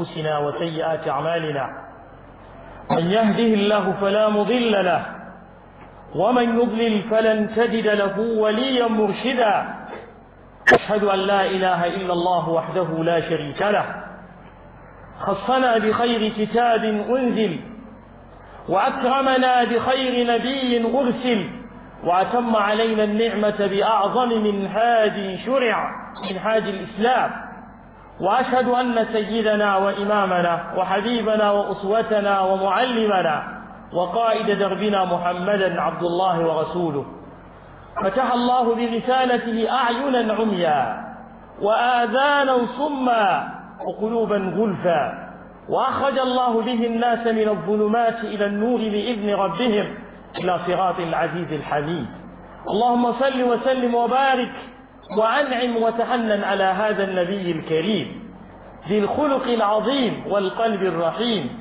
أنفسنا وسيئات أعمالنا من يهده الله فلا مضل له ومن يضلل فلن تجد له وليا مرشدا أشهد أن لا إله إلا الله وحده لا شريك له خصنا بخير كتاب أنزل وأكرمنا بخير نبي أرسل وأتم علينا النعمة بأعظم هادي شرع هادي الإسلام وأشهد أن سيدنا وإمامنا وحبيبنا وأسوتنا ومعلمنا وقائد دربنا محمدا عبد الله ورسوله فتح الله برسالته أعينا عميا وآذانا صما وقلوبا غلفا وأخرج الله به الناس من الظلمات إلى النور بإذن ربهم إلى صراط العزيز الحميد اللهم صل وسلم وبارك وأنعم وتحنن على هذا النبي الكريم ذي الخلق العظيم والقلب الرحيم